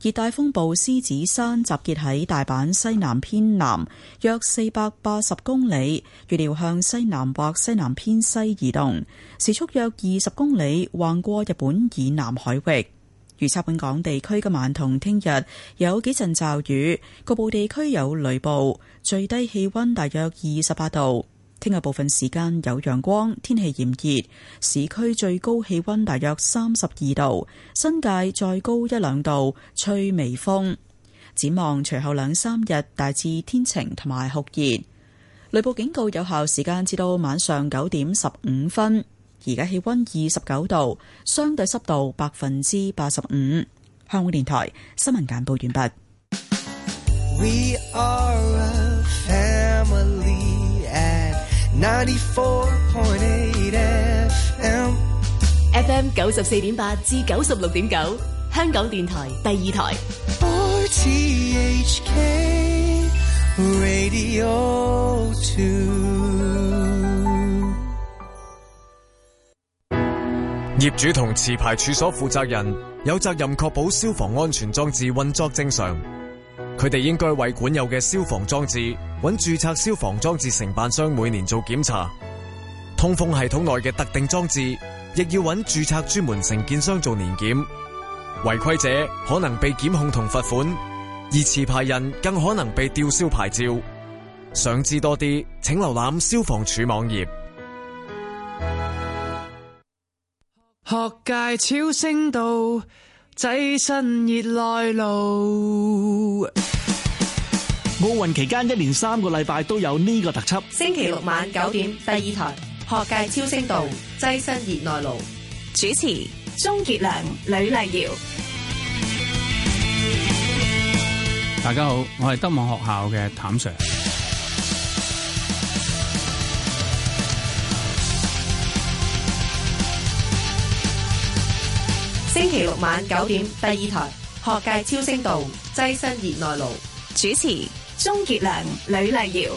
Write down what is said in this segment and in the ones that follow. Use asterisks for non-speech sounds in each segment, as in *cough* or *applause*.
熱帶風暴獅子山集結喺大阪西南偏南約四百八十公里，預料向西南或西南偏西移動，時速約二十公里，橫過日本以南海域。預測本港地區今晚同聽日有幾陣驟雨，局部地區有雷暴，最低氣溫大約二十八度。聽日部分時間有陽光，天氣炎熱，市區最高氣溫大約三十二度，新界再高一兩度，吹微風。展望隨後兩三日大致天晴同埋酷熱，雷暴警告有效時間至到晚上九點十五分。而家氣溫二十九度，相對濕度百分之八十五。香港電台新聞簡報完畢。We are 94.8 FM, FM 九十四點八至九十六點九，9，香港電台第二台。RTHK Radio Two。業主同持牌處所負責人有責任確保消防安全裝置運作正常。佢哋應該為管有嘅消防裝置揾註冊消防裝置承辦商，每年做檢查，通風系統內嘅特定裝置亦要揾註冊專門承建商做年檢。違規者可能被檢控同罰款，而持牌人更可能被吊銷牌照。想知多啲，請瀏覽消防署網頁。學界超聲道。躋身熱內盧，奧運期間一連三個禮拜都有呢個特輯。星期六晚九點，第二台學界超聲道躋身熱內盧，主持鍾傑良、呂麗瑤。大家好，我係德望學校嘅譚 Sir。星期六晚九點，第二台《學界超聲道》躋身熱內盧，主持鍾傑良、呂麗瑤。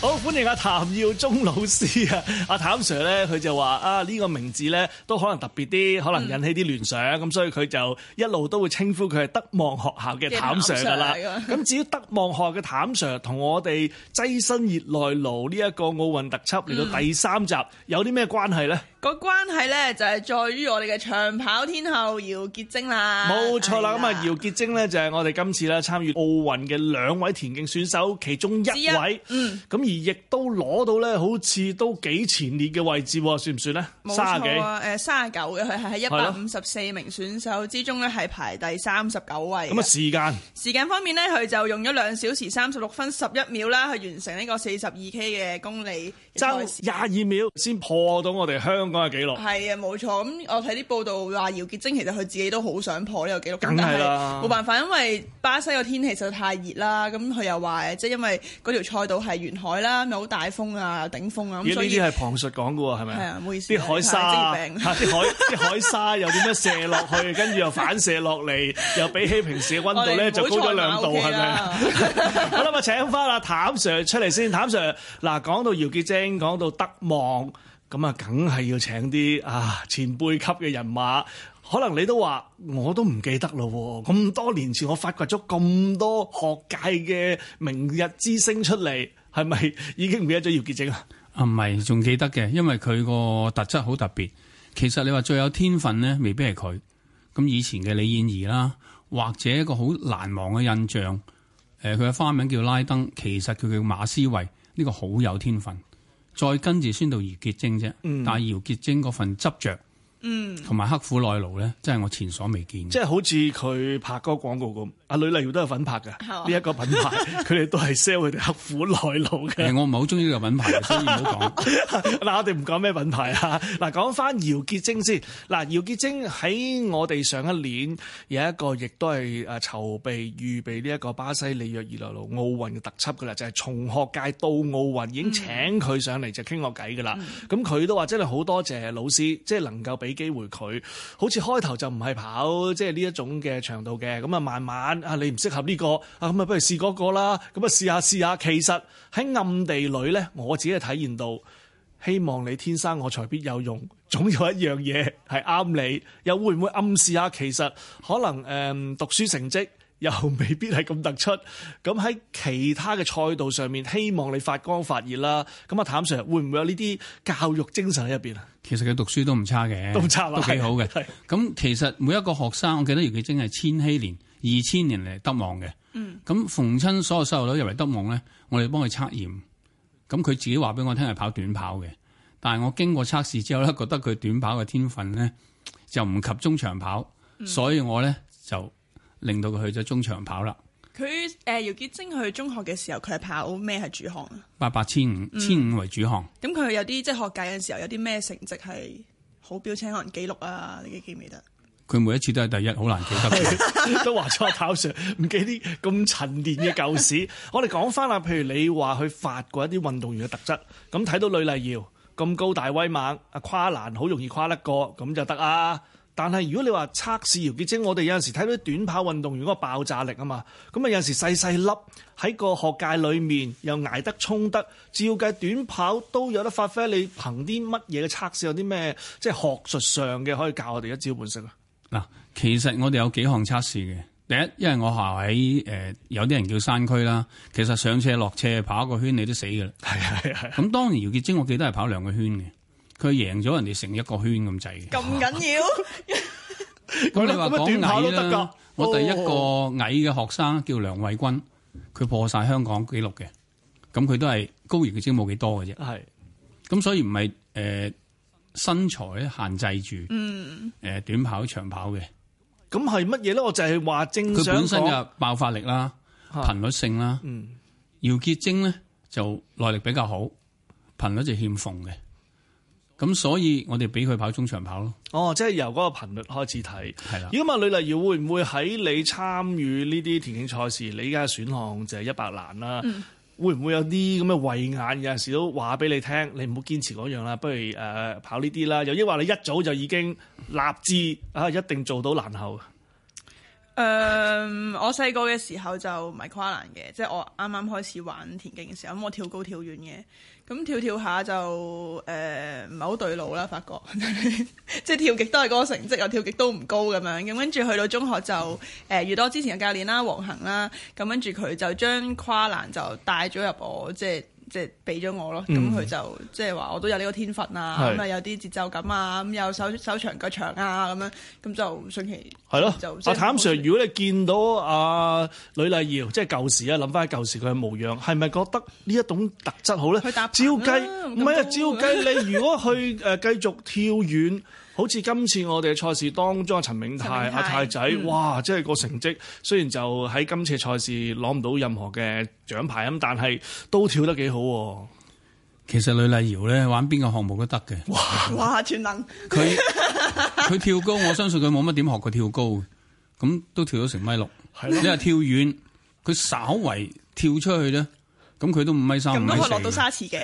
好，歡迎阿、啊、譚耀宗老師啊，譚啊！阿譚 Sir 咧，佢就話啊，呢個名字咧都可能特別啲，可能引起啲聯想咁，所以佢就一路都會稱呼佢係德望學校嘅譚 Sir 噶啦。咁， *laughs* 至於德望學校嘅譚 Sir 同我哋躋身熱內盧呢一個奧運特輯嚟到第三集、嗯、有啲咩關係咧？個關係呢，就係、是、在於我哋嘅長跑天后姚潔貞啦。冇錯啦，咁啊啦姚潔貞呢，就係、是、我哋今次咧參與奧運嘅兩位田徑選手其中一位。一嗯。咁而亦都攞到呢，好似都幾前列嘅位置，算唔算呢？冇錯錯。誒，三十九嘅佢係喺一百五十四名選手之中呢，係啦排第三十九位。咁啊，時間？時間方面呢，佢就用咗兩小時三十六分十一秒啦，去完成呢個四十二 K 嘅公里。爭廿二秒先破到我哋香港嘅紀錄，係啊冇錯。咁我睇啲報道話姚潔貞其實佢自己都好想破呢個紀錄，梗係啦，冇辦法，因為巴西個天氣實在太熱啦。咁佢又話即係因為嗰條賽道係沿海啦，咪好大風啊，頂風啊，咁呢啲係旁述講㗎喎，係咪啊？唔好意思。啲海沙嚇，啲 *laughs* 海啲海沙又點樣射落去，跟住又反射落嚟，又比起平時嘅溫度咧就高咗兩度，係咪 *laughs* 好啦，咁請翻阿譚 sir 出嚟先，譚 sir 嗱講到姚潔貞。 *laughs* 聽講到德望咁啊，梗係要請啲啊前輩級嘅人馬。可能你都話，我都唔記得咯。咁多年前我發掘咗咁多學界嘅明日之星出嚟，係咪已經唔記得咗？姚潔貞啊，唔係仲記得嘅，因為佢個特質好特別。其實你話最有天分呢，未必係佢，咁以前嘅李燕儀啦，或者一個好難忘嘅印象。誒，佢嘅花名叫拉登，其實佢叫馬思維呢個，好有天分。再跟住先到姚潔貞啫，嗯，但係姚潔貞嗰份執着。嗯，同埋刻苦耐勞咧，真係我前所未見嘅。即係好似佢拍嗰個廣告咁，阿呂麗瑤都係粉拍㗎，呢一、啊、個品牌佢哋都係 sell 佢哋刻苦耐勞嘅。係 *laughs* 我唔係好中意呢個品牌，所以唔好講。嗱， *laughs* 我哋唔講咩品牌啊。嗱，講翻姚潔貞先。嗱，姚潔貞喺我哋上一年有一個，亦都係誒籌備預備呢一個巴西里約熱內盧奧運嘅特輯㗎啦，就係、是、從學界到奧運已經請佢上嚟就傾個偈㗎啦。咁佢都話真係好多謝老師，即係能夠俾，機會佢好似開頭就唔係跑，即係呢一種嘅長度嘅，咁啊慢慢啊你唔適合呢個啊，咁啊不如試嗰個啦，咁啊試下試下。其實喺暗地裏呢，我自己係體驗到，希望你天生我材必有用，總有一樣嘢係啱你。又會唔會暗示下其實可能誒、嗯、讀書成績？又未必係咁突出，咁喺其他嘅賽道上面，希望你發光發熱啦。咁啊，譚 Sir 會唔會有呢啲教育精神喺入邊啊？其實佢讀書都唔差嘅，都差都幾好嘅。係咁的，其實每一個學生，我記得姚潔貞係千禧年、二千年嚟德望嘅。嗯，咁逢親所有細路女入嚟德望咧，我哋幫佢測驗。咁佢自己話俾我聽係跑短跑嘅，但係我經過測試之後咧，覺得佢短跑嘅天分咧就唔及中長跑，嗯、所以我咧就。令到佢去咗中長跑啦。佢誒姚潔貞去中、呃、中學嘅時候，佢係跑咩係主項啊？八百千五，千五為主項。咁佢、嗯嗯嗯、有啲即係學界嘅時候，有啲咩成績係好標青可能紀錄啊？你記唔記得？佢每一次都係第一，好難得譚 Sir，記得。都話錯跑上，唔記啲咁陳年嘅舊史。 *laughs* 我哋講翻啦，譬如你話去發過一啲運動員嘅特質，咁睇到呂麗瑤咁高大威猛，阿跨欄好容易跨得過，咁就得啊？啊啊啊啊啊啊但係如果你話測試姚潔貞，我哋有陣時睇到啲短跑運動員嗰個爆炸力啊嘛，咁啊有陣時細細粒喺個學界裏面又捱得衝得，照計短跑都有得發揮。你憑啲乜嘢嘅測試有啲咩即係學術上嘅可以教我哋一招半式啊？嗱，其實我哋有幾項測試嘅。第一，因為我行喺誒有啲人叫山區啦，其實上車落車跑一個圈你都死㗎啦。係係係。咁當年，姚潔貞我記得係跑兩個圈嘅。佢贏咗人哋成一個圈咁滯，咁緊要？咁你話講短跑啦，我第一個矮嘅學生叫梁偉君，佢破晒香港紀錄嘅。咁佢都係高形嘅，即係冇幾多嘅啫。係咁，所以唔係誒身材限制住，誒短跑長跑嘅咁係乜嘢咧？我就係話精想佢本身嘅爆發力啦，的頻率性啦。嗯，姚潔貞咧就耐力比較好，頻率就欠奉嘅。咁所以我哋俾佢跑中長跑咯。哦，即係由嗰個頻率開始睇。係啦的。如果問呂麗瑤會唔會喺你參與呢啲田徑賽事，你依家嘅選項就係一百欄啦，嗯、會唔會有啲咁嘅慧眼，有陣時都話俾你聽，你唔好堅持嗰樣啦，不如誒、呃、跑呢啲啦。又抑或你一早就已經立志啊，一定做到欄后？誒，um, 我細個嘅時候就唔係跨欄嘅，即、就、係、是、我啱啱開始玩田徑嘅時候，咁我跳高跳遠嘅，咁跳跳下就誒唔係好對路啦，發覺，即 *laughs* 係跳極都係嗰個成績，又、就是、跳極都唔高咁樣，咁跟住去到中學就誒、呃、遇到之前嘅教練啦，黃恆啦，咁跟住佢就將跨欄就帶咗入我即係。就是即係俾咗我咯，咁佢就即係話我都有呢個天分啊，咁啊的、嗯、有啲節奏感啊，咁有手手長腳長啊，咁樣咁就順其自然。係咯，阿譚 Sir，如果你見到阿呂麗瑤，即係舊時啊，諗翻起舊時佢嘅模樣，係咪覺得呢一種特質好咧？照計唔係啊，照計你如果去誒繼續跳遠。好似今次我哋嘅賽事當中，阿陳銘泰、銘泰阿泰仔，哇！嗯、即係個成績雖然就喺今次賽事攞唔到任何嘅獎牌咁，但係都跳得幾好啊。其實呂麗瑤咧玩邊個項目都得嘅，哇！哇他！全能。佢 *laughs* 佢跳高，我相信佢冇乜點學，佢跳高，咁都跳咗成米六。你係的跳遠，佢稍為跳出去啫。咁佢都五米三，咁都可以落到沙池嘅。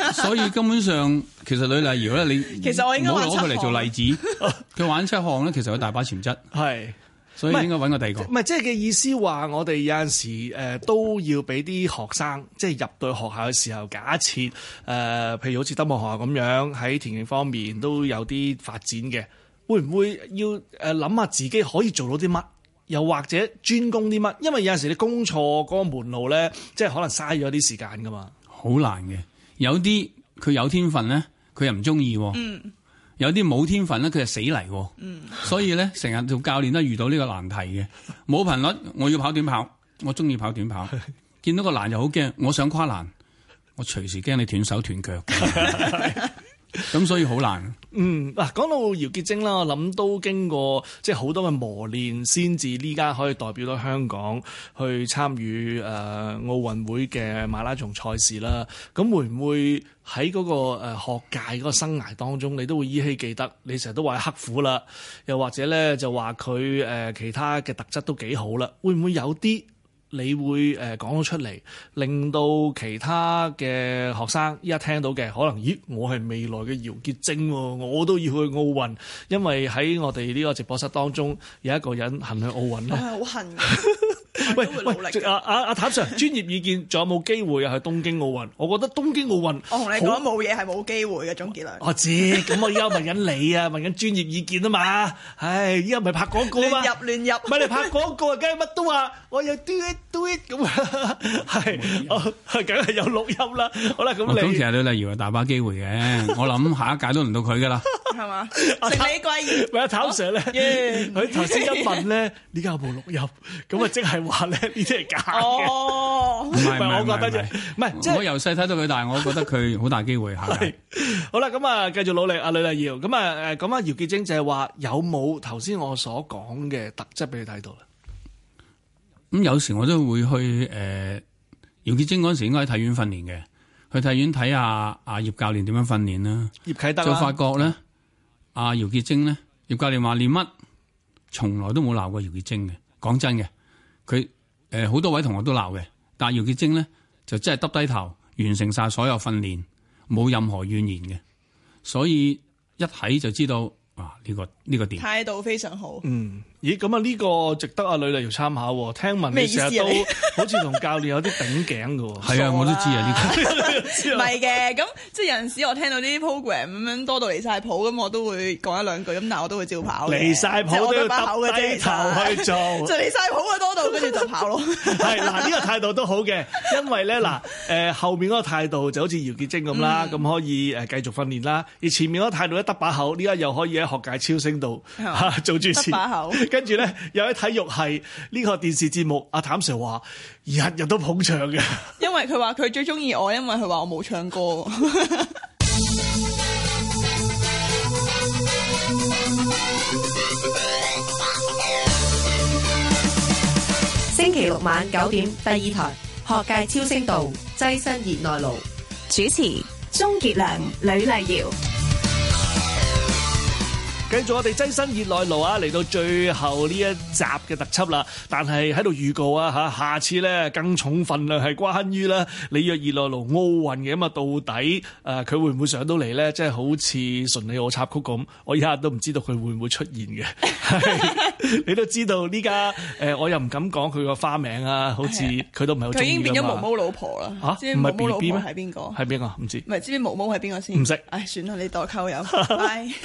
啊、 *laughs* 所以根本上，其實呂麗瑤咧，你 *laughs* 其實我應該唔好攞佢嚟做例子。佢 *laughs* 玩七項咧，其實有大把潛質。係， *laughs* 所以應該揾個第二個。唔係即係嘅意思話，我哋有陣時誒都要俾啲學生，即係入到學校嘅時候，假設誒、呃，譬如好似德望學校咁樣，喺田徑方面都有啲發展嘅，會唔會要誒諗下自己可以做到啲乜？又或者專攻啲乜，因為有陣時你攻錯嗰個門路咧，即係可能嘥咗啲時間噶嘛。好難嘅，有啲佢有天分咧，佢又唔中意；嗯，有啲冇天分咧，佢又死嚟。嗯，所以咧，成日做教練都遇到呢個難題嘅。冇頻率，我要跑短跑，我中意跑短跑。的見到個欄就好驚，我想跨欄，我隨時驚你斷手斷腳。 *laughs* *laughs* 咁所以好難啊。嗯，嗱，講到姚潔貞啦，我諗都經過即係好多嘅磨練，先至呢家可以代表到香港去參與誒奧運會嘅馬拉松賽事啦。咁會唔會喺嗰個誒學界嗰個生涯當中，你都會依稀記得？你成日都話刻苦啦，又或者咧就話佢誒其他嘅特質都幾好啦。會唔會有啲？你會誒講咗出嚟，令到其他嘅學生依家聽到嘅，可能咦我係未來嘅姚潔貞，我都要去奧運，因為喺我哋呢個直播室當中有一個人恨去奧運咯。係好恨。 *laughs* 喂喂，阿阿阿譚 Sir，專業意見仲有冇機會啊？去東京奧運，我覺得東京奧運，我同你講冇嘢係冇機會嘅總結嚟。我知，咁我依家問緊你啊，問緊專業意見啊嘛。唉，依家咪拍廣告啊嘛。亂入亂入。咪你拍廣告啊，梗係乜都話。我又 Do It Do It 咁啊。係，梗係有錄音啦。好啦，咁你。其實啊，呂麗瑤係大把機會嘅。我諗下一屆都唔到佢噶啦。係嘛？阿譚 Sir 咧，佢頭先一問咧，呢家有部錄音，咁啊，即係。話咧呢啲係假哦，唔係唔係，我覺得唔係，就係，我由細睇到佢大，我覺得佢好大機會吓。好啦，咁啊，繼續努力，阿呂麗瑤咁啊，誒，咁阿姚潔貞就係話有冇頭先我所講嘅特質俾你睇到啦。咁，嗯、有時我都會去誒、呃，姚潔貞嗰時應該喺體院訓練嘅，去體院睇下阿葉教練點樣訓練啦。葉啟德就發覺咧，阿姚潔貞咧，葉教練話練乜，從來都冇鬧過姚潔貞嘅。講真嘅。佢誒好多位同學都鬧嘅，但係姚潔貞咧就真係耷低頭完成晒所有訓練，冇任何怨言嘅，所以一睇就知道啊，呢個呢個點態度非常好。嗯。咦咁啊呢個值得阿女嚟瑤參考喎？聽聞你成日都好似同教練有啲頂頸嘅喎。係 *laughs* 啊，我都知啊，呢、呢個唔係嘅。咁即係有陣時我聽到呢啲 program 咁樣多到離晒譜，咁我都會講一兩句。咁但係我都會照跑離晒譜都耷低頭去做， *laughs* *laughs* 就離曬譜嘅多到跟住就跑咯。係 *laughs* 嗱， *laughs* 呢、呢個態度都好嘅，因為咧嗱誒後面嗰個態度就好似姚潔貞咁啦，咁、嗯、可以誒繼續訓練啦。而前面嗰個態度一得把口，呢家又可以喺學界超聲道度嚇做主持。跟住咧，有啲體育係呢、這個電視節目，阿譚 sir 話日日都捧場嘅。因為佢話佢最中意我，因為佢話我冇唱歌。 *laughs* 星期六晚九點，第二台學界超聲道，躋身熱內盧，主持鍾傑良、呂麗瑤。繼續我哋躋身熱內盧啊，嚟到最後呢一集嘅特輯啦。但係喺度預告啊吓，下次咧更重份量係關於咧里約熱內盧奧運嘅咁啊。到底誒佢會唔會上到嚟咧？即、就、係、是、好似淳里奧插曲咁，我依家都唔知道佢會唔會出現嘅。 *laughs* *laughs* 你都知道呢家誒，我又唔敢講佢個花名啊。好似佢都唔係好中意。佢 *laughs* 已經變咗毛毛老婆啦。吓、啊，唔係變毛毛係邊個？係邊個？唔知。唔係知唔知毛毛係邊個先？唔識。唉，算啦，你代溝有。Bye *laughs*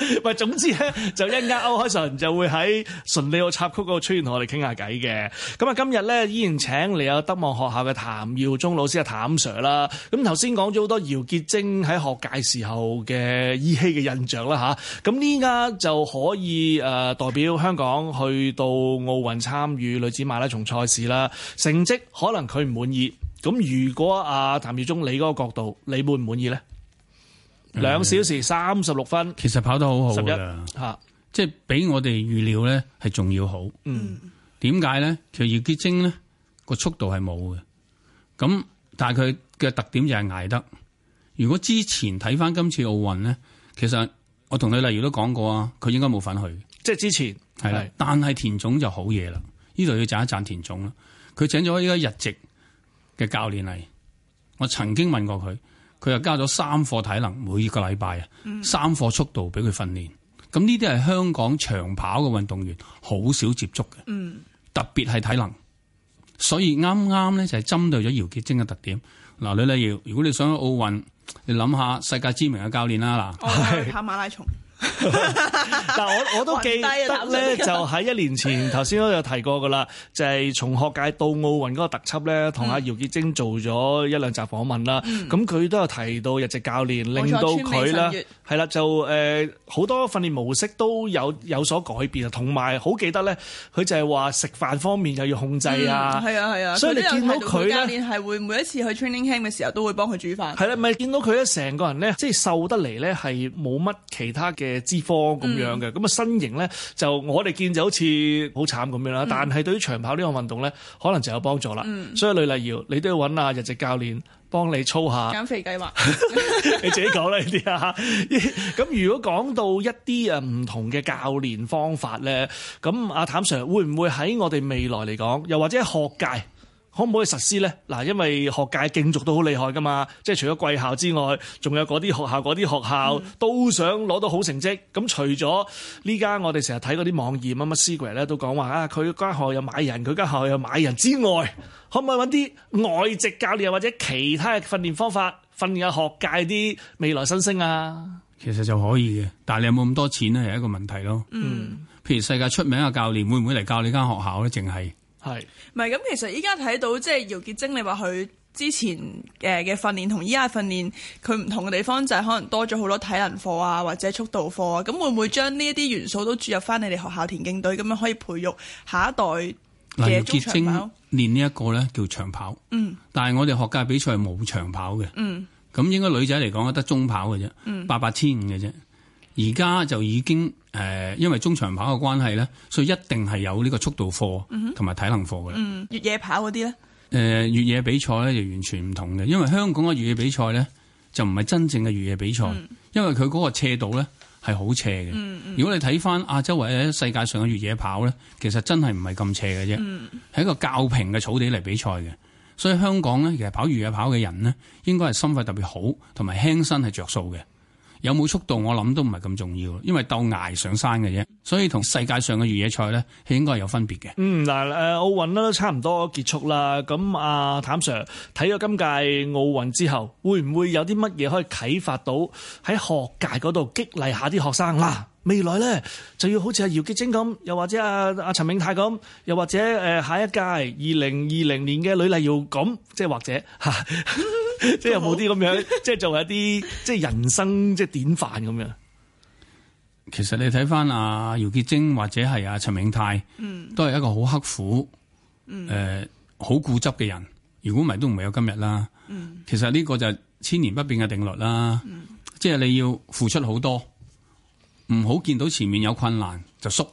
唔係， *laughs* 總之咧，就一陣間歐鎧淳就會喺「淳」里奧插曲嗰度出現同我哋傾下偈嘅。咁啊，今日咧依然請嚟有德望學校嘅譚耀宗老師啊，譚 Sir 啦。咁頭先講咗好多姚潔貞喺學界時候嘅依稀嘅印象啦吓，咁呢家就可以誒、呃、代表香港去到奧運參與女子馬拉松賽事啦。成績可能佢唔滿意。咁如果阿、啊、譚耀宗你嗰個角度，你滿唔滿意咧？兩小時三十六分、嗯，其實跑得好好嘅吓，即係比我哋預料咧係仲要好。嗯，點解咧？其實要結晶咧，個速度係冇嘅。咁但係佢嘅特點就係捱得。如果之前睇翻今次奧運咧，其實我同呂麗瑤都講過啊，佢應該冇份去。即係之前係啦，但係田總就好嘢啦。呢度要讚一讚田總啦。佢請咗依家日籍嘅教練嚟。我曾經問過佢。佢又加咗三課體能，每個禮拜啊，三課速度俾佢訓練。咁呢啲係香港長跑嘅運動員好少接觸嘅，嗯、特別係體能。所以啱啱咧就係針對咗姚潔貞嘅特點。嗱、呃，呂麗瑤，如果你想奧運，你諗下世界知名嘅教練啦嗱。我係跑馬拉松。 *laughs* 但我我都記得咧，就喺一年前，頭先都有提過噶啦，就係、是、從學界到奧運嗰個特輯咧，同阿姚潔貞做咗一兩集訪問啦。咁佢、嗯嗯、都有提到日籍教練令到佢啦，係啦， *noise* 就誒好、呃、多訓練模式都有有所改變啊。同埋好記得咧，佢就係話食飯方面又要控制啊。係啊係啊，啊啊所以你見到佢咧係會每一次去 training 嘅時候都會幫佢煮飯。係啦、啊，咪見到佢咧成個人咧即係瘦得嚟咧係冇乜其他嘅。誒，脂肪咁樣嘅，咁啊、嗯、身形咧就我哋見就好似好慘咁樣啦，嗯、但係對於長跑呢項運動咧，可能就有幫助啦。嗯、所以呂麗瑤，你都要揾下日籍教練幫你操下減肥計劃。 *laughs* *laughs* 你自己講啦呢啲啊，咁 *laughs* *laughs* 如果講到一啲誒唔同嘅教練方法咧，咁阿譚 Sir 會唔會喺我哋未來嚟講，又或者學界？可唔可以實施咧？嗱，因為學界競逐都好厲害噶嘛，即係除咗貴校之外，仲有嗰啲學校、嗰啲學校都想攞到好成績。咁、嗯、除咗呢家，我哋成日睇嗰啲網頁乜乜撕裂咧，都講話啊，佢間學校又買人，佢間學校又買人之外，可唔可以揾啲外籍教練或者其他嘅訓練方法訓練下學界啲未來新星啊？其實就可以嘅，但係你有冇咁多錢咧，係一個問題咯。嗯，譬如世界出名嘅教練會唔會嚟教你間學校咧？淨係。係，唔係咁，其實依家睇到即係姚潔貞，你話佢之前誒嘅訓練同依家訓練佢唔同嘅地方就係可能多咗好多體能課啊，或者速度課啊，咁會唔會將呢一啲元素都注入翻你哋學校田徑隊，咁樣可以培育下一代嘅中長跑？姚潔貞練呢一個咧叫長跑，嗯，但係我哋學界比賽冇長跑嘅，嗯，咁應該女仔嚟講得中跑嘅啫，八八千五嘅啫，88, 而家就已經。誒、呃，因為中長跑嘅關係咧，所以一定係有呢個速度課，同埋體能課嘅。嗯，越野跑嗰啲咧？誒、呃，越野比賽咧就完全唔同嘅，因為香港嘅越野比賽咧就唔係真正嘅越野比賽，嗯、因為佢嗰個斜度咧係好斜嘅。嗯嗯、如果你睇翻亞洲或者世界上嘅越野跑咧，其實真係唔係咁斜嘅啫，係、嗯、一個較平嘅草地嚟比賽嘅。所以香港咧，其實跑越野跑嘅人呢，應該係心肺特別好，同埋輕身係着數嘅。有冇速度我諗都唔係咁重要，因為鬥崖上山嘅啫，所以同世界上嘅越野賽咧，係應該有分別嘅。嗯，嗱、呃，誒，奧運咧都差唔多結束啦。咁阿譚 Sir 睇咗今屆奧運之後，會唔會有啲乜嘢可以啟發到喺學界嗰度激勵下啲學生？嗱、啊，未來呢，就要好似阿姚潔貞咁，又或者阿阿陳銘泰咁，又或者誒、呃、下一屆二零二零年嘅呂麗瑤咁，即係或者吓。啊 *laughs* 即係 *laughs* 有冇啲咁樣，即、就、係、是、做為一啲即係人生即係典範咁樣。 *laughs* 其實你睇翻阿姚潔貞，或者係阿陳永泰，嗯、都係一個好刻苦，誒、嗯，好、呃、固執嘅人。如果唔係，都唔會有今日啦。嗯、其實呢個就係千年不變嘅定律啦。嗯、即係你要付出好多，唔好見到前面有困難就縮。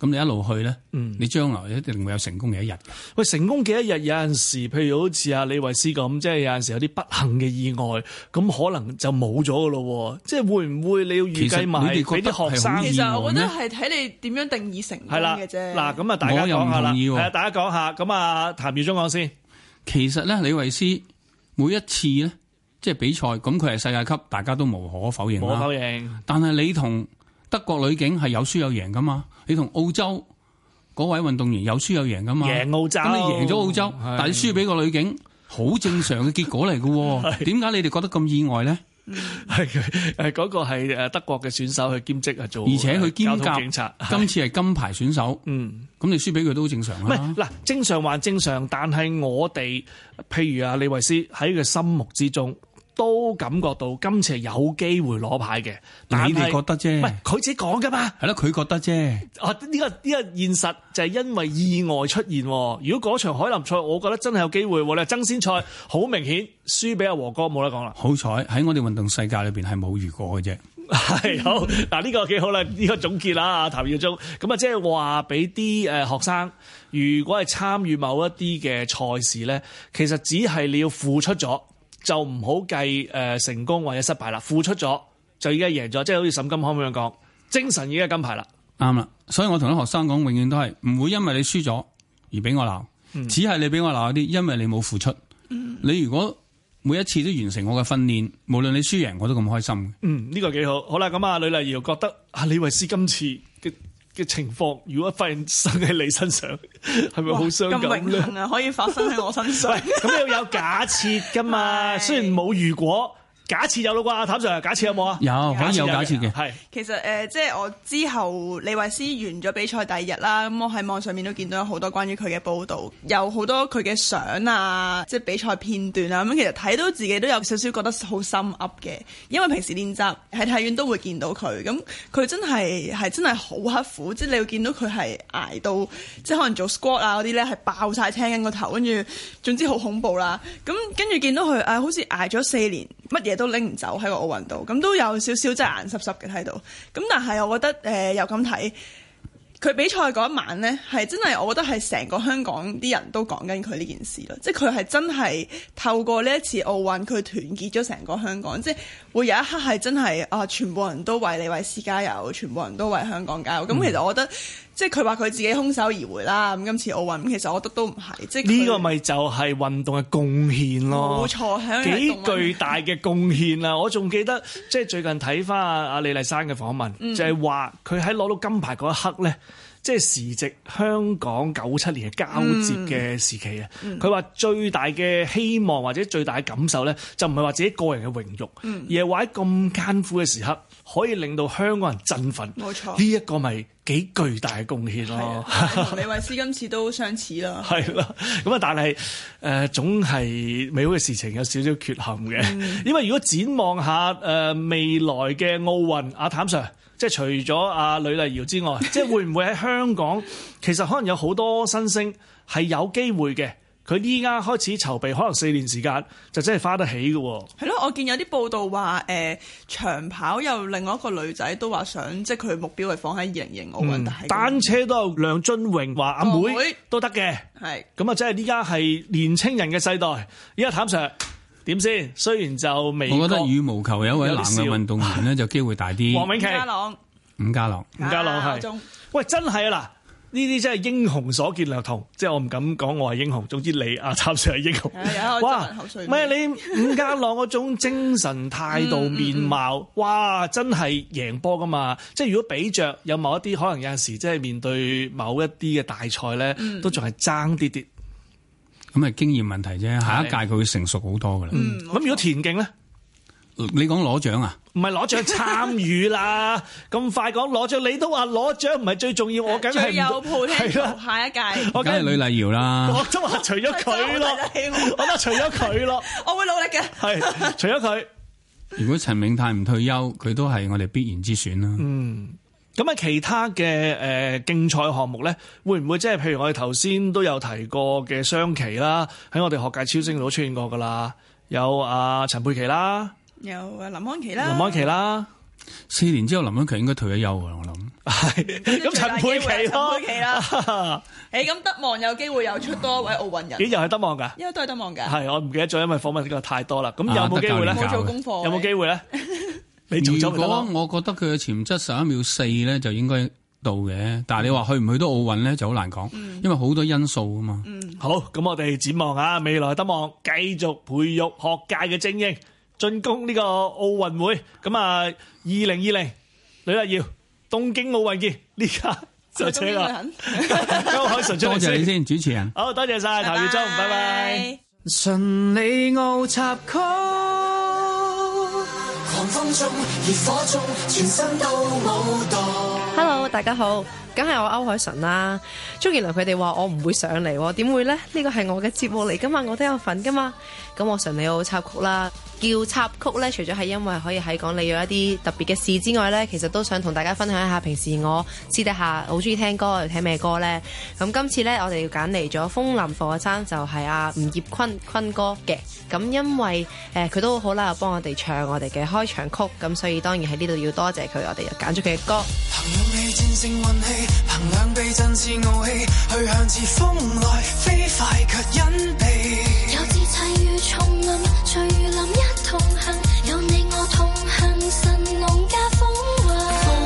咁你一路去咧，你將來一定會有成功嘅一日。喂，成功嘅一日有陣時，譬如好似阿李維斯咁，即係有陣時有啲不幸嘅意外，咁可能就冇咗噶咯。即係會唔會你要預計埋佢啲學生？其實,其實我覺得係睇你點樣定義成功嘅啫。嗱，咁啊，大家講下啦。係，大家講下。咁啊，譚耀宗講先。其實咧，李維斯每一次咧，即係比賽，咁佢係世界級，大家都無可否認啦。無可否認。但係你同。德國女警係有輸有贏噶嘛？你同澳洲嗰位運動員有輸有贏噶嘛？贏澳洲，咁你贏咗澳洲，是但係你輸俾個女警，好正常嘅結果嚟噶。點解 *laughs* 是你哋覺得咁意外咧？係誒，嗰、嗰個係誒德國嘅選手去兼職啊做，而且佢兼警察，今次係金牌選手。嗯，咁你輸俾佢都好正常啦。唔係嗱，正常還正常，但係我哋譬如阿李維斯喺佢心目之中。都感覺到今次係有機會攞牌嘅，但你哋覺得啫？唔係佢自己講噶嘛？係咯，佢覺得啫。哦、啊，呢個呢個現實就係因為意外出現。如果嗰場海南賽，我覺得真係有機會，你係爭先賽，好明顯輸俾阿和哥，冇得講啦。好彩喺我哋運動世界裏邊係冇遇過嘅啫。係好嗱，呢個幾好啦，呢個總結啦，譚耀宗咁啊，即係話俾啲誒學生，如果係參與某一啲嘅賽事咧，其實只係你要付出咗。就唔好計誒成功或者失敗啦，付出咗就已經贏咗，即係好似沈金康咁樣講，精神已經係金牌啦。啱啦，所以我同啲學生講，永遠都係唔會因為你輸咗而俾我鬧，嗯、只係你俾我鬧一啲，因為你冇付出。嗯、你如果每一次都完成我嘅訓練，無論你輸贏，我都咁開心。嗯，呢、呢個幾好。好啦，咁啊，呂麗瑤又覺得啊，李慧詩今次嘅情況，如果發現生喺你身上，係咪好傷感咧？咁榮幸啊，可以發生喺我身上。咁 *laughs* *laughs* 要有假設噶嘛， *laughs* 雖然冇如果。假設有咯啩，譚 Sir，假設有冇啊？有，有假，有假設嘅。係是其實誒、呃，即係我之後李慧詩完咗比賽第二日啦，咁我喺網上面都見到有好多關於佢嘅報導，有好多佢嘅相啊，即係比賽片段啊。咁其實睇到自己都有少少覺得好心噏嘅，因為平時練習喺體院都會見到佢，咁佢真係係真係好刻苦，即係你會見到佢係捱到，即係可能做 squat 啊嗰啲咧係爆晒青筋個頭，跟住總之好恐怖啦。咁跟住見到佢誒、呃，好似捱咗四年乜嘢？都拎唔走喺個奧運度，咁都有少少真係眼濕濕嘅喺度。咁但係我覺得，誒又咁睇佢比賽嗰一晚呢，係真係我覺得係成個香港啲人都講緊佢呢件事咯。即係佢係真係透過呢一次奧運，佢團結咗成個香港。即係會有一刻係真係啊，全部人都為李慧詩加油，全部人都為香港加油。咁、嗯、其實我覺得。即係佢話佢自己空手而回啦，咁今次奧運其實我覺得都唔係，即係呢個咪就係運動嘅貢獻咯，冇錯，幾巨大嘅貢獻啊！ *laughs* 我仲記得即係最近睇翻阿阿李麗珊嘅訪問，嗯、就係話佢喺攞到金牌嗰一刻咧，即係時值香港九七年嘅交接嘅時期啊。佢話、嗯、最大嘅希望或者最大嘅感受咧，就唔係話自己個人嘅榮辱，嗯、而係話喺咁艱苦嘅時刻，可以令到香港人振奮。冇錯，呢一個咪、就係。幾巨大嘅貢獻咯，對 *laughs* 李慧思今次都相似啦。係啦，咁啊，但係誒、呃、總係美好嘅事情有少少缺陷嘅，嗯、因為如果展望下誒、呃、未來嘅奧運，阿、啊、譚 Sir，即係除咗阿、啊、呂麗瑤之外， *laughs* 即係會唔會喺香港其實可能有好多新星係有機會嘅？佢依家開始籌備，可能四年時間就真係花得起嘅喎、啊。係咯、哦，我見有啲報道話，誒、呃、長跑又另外一個女仔都話想，即係佢目標係放喺型型奧運大單車都有梁俊榮話 bass! 阿妹都得嘅，係咁啊！即係依家係年青人嘅世代。依家譚 Sir 點先？雖然就未，我覺得羽毛球有一位男嘅運動員咧就機會大啲。 *laughs* 黃永琪、伍家朗、伍家朗、伍家朗係。喂，真係啊嗱！呢啲真係英雄所見略同，即係我唔敢講我係英雄。總之你阿參上係英雄，啊、哇！唔係你伍家朗嗰種精神態度面貌， *laughs* 嗯嗯、哇！真係贏波噶嘛！即係如果比着，有某一啲可能有陣時即係面對某一啲嘅大賽咧，嗯、都仲係爭啲啲。咁係經驗問題啫，下一屆佢會成熟好多噶啦。咁、嗯、如果田徑咧？你講攞獎啊？唔係攞獎，參與啦。咁 *laughs* 快講攞獎，你都話攞獎唔係最重要。 *laughs* 我梗係有抱興，下一屆梗係呂麗瑤啦。 *laughs* 我， *laughs* 我都話除咗佢咯， *laughs* 我得除咗佢咯。 *laughs* 我會努力嘅，係 *laughs* 除咗佢。 *laughs* 如果陳銘泰唔退休，佢都係我哋必然之選啦、啊。嗯，咁啊，其他嘅誒競賽項目咧，會唔會即、就、係、是？譬如我哋頭先都有提過嘅雙琪啦，喺我哋學界超星度出現過噶啦，有阿陳佩琪啦。有林安琪啦，林安琪啦，四年之後林安琪應該退咗休噶，我諗係咁陳佩琪咯，誒 *laughs* 咁 *laughs* *laughs* *laughs* 嗯、德望有機會又出多位奧運人，咦、嗯嗯、又係德望噶，又都係德望噶，係我唔記得咗，因為訪問嘅太多啦，咁有冇機會咧？冇做功課，有冇機會咧？你做咗？如果我覺得佢嘅潛質十一秒四咧就應該到嘅，但係你話去唔去到奧運咧就好難講，因為好多因素啊嘛。嗯、好，咁我哋展望下未來德望繼續培育學界嘅精英。進攻呢個奧運會，咁啊二零二零，呂麗瑤東京奧運會呢家就扯啦。歐鎧淳，多謝你先主持人，好多謝晒，譚耀宗，拜拜。Hello, 大家好，梗係我歐鎧淳啦。鍾傑良佢哋話我唔會上嚟，點會咧？呢個係我嘅節目嚟噶嘛，我都有份噶嘛。咁我順你好插曲啦，叫插曲咧，除咗係因為可以喺講你有一啲特別嘅事之外咧，其實都想同大家分享一下平時我私底下好中意聽歌，又聽咩歌咧？咁今次咧，我哋要揀嚟咗《風林火山》，就係阿吳業坤坤哥嘅。咁因為誒佢、呃、都好啦，又幫我哋唱我哋嘅開場曲，咁所以當然喺呢度要多謝佢，我哋又揀咗佢嘅歌。以戰勝運氣，憑兩臂振翅傲氣，去向似風來飛快卻隱蔽。有志趣如叢林，隨叢林一同行，有你我同行，神龍架風。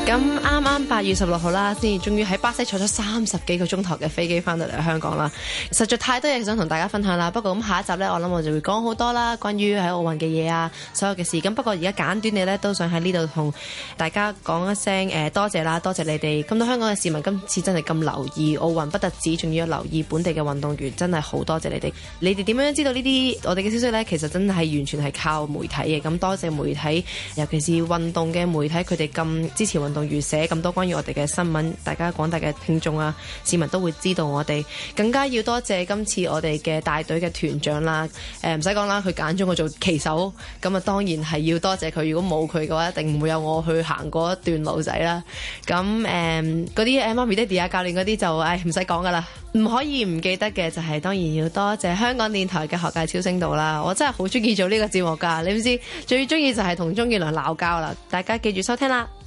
咁啱啱八月十六號啦，先至終於喺巴西坐咗三十幾個鐘頭嘅飛機翻到嚟香港啦，實在太多嘢想同大家分享啦。不過咁下一集咧，我諗我就會講好多啦，關於喺奧運嘅嘢啊，所有嘅事。咁不過而家簡短地咧，都想喺呢度同大家講一聲誒、呃，多謝啦，多謝你哋咁多香港嘅市民，今次真係咁留意奧運，不特止仲要留意本地嘅運動員，真係好多謝你哋。你哋點樣知道呢啲我哋嘅消息咧？其實真係完全係靠媒體嘅。咁多謝媒體，尤其是運動嘅媒體，佢哋咁支持運。同如寫咁多關於我哋嘅新聞，大家廣大嘅聽眾啊，市民都會知道我哋，更加要多謝今次我哋嘅大隊嘅團長啦。誒、呃，唔使講啦，佢揀咗我做旗手，咁啊，當然係要多謝佢。如果冇佢嘅話，一定唔會有我去行過一段路仔啦。咁誒，嗰啲 Mummy 爹哋啊，教練嗰啲就誒唔使講噶啦，唔可以唔記得嘅就係、是、當然要多謝香港電台嘅學界超聲度啦。我真係好中意做呢個節目噶，你唔知最中意就係同鍾傑良鬧交啦。大家記住收聽啦。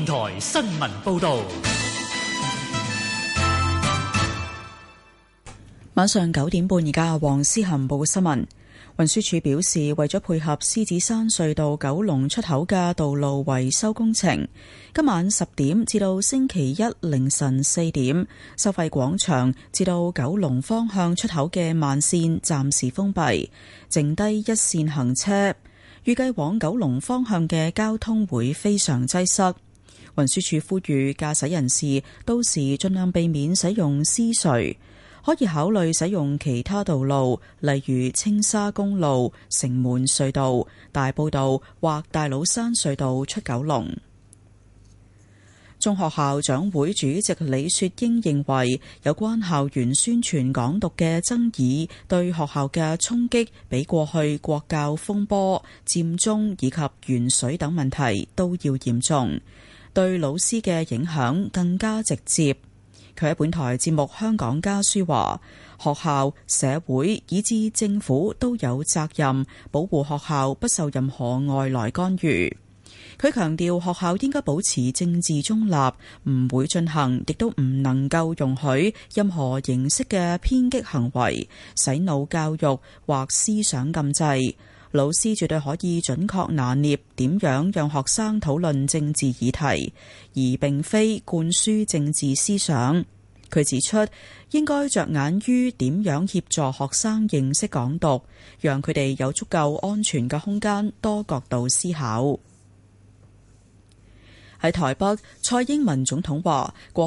電台新聞報道，晚上九點半，而家黃思嫻報嘅新聞。運輸署表示，為咗配合獅子山隧道九龍出口嘅道路維修工程，今晚十點至到星期一凌晨四點，收費廣場至到九龍方向出口嘅慢綫暫時封閉，剩低一綫行車。預計往九龍方向嘅交通會非常擠塞。運輸處呼籲駕駛人士到時盡量避免使用獅隧，可以考慮使用其他道路，例如青沙公路、城門隧道、大埔道或大老山隧道出九龍。中學校長會主席李雪英認為，有關校園宣傳港獨嘅爭議對學校嘅衝擊，比過去國教風波、佔中以及鉛水等問題都要嚴重。對老師嘅影響更加直接。佢喺本台節目《香港家書》話，學校、社會以至政府都有責任保護學校不受任何外來干預。佢強調，學校應該保持政治中立，唔會進行，亦都唔能夠容許任何形式嘅偏激行為、洗腦教育或思想禁制。老師絕對可以準確拿捏點樣讓學生討論政治議題，而並非灌輸政治思想。佢指出，應該着眼於點樣協助學生認識港獨，讓佢哋有足夠安全嘅空間多角度思考。喺台北，蔡英文總統話：過去。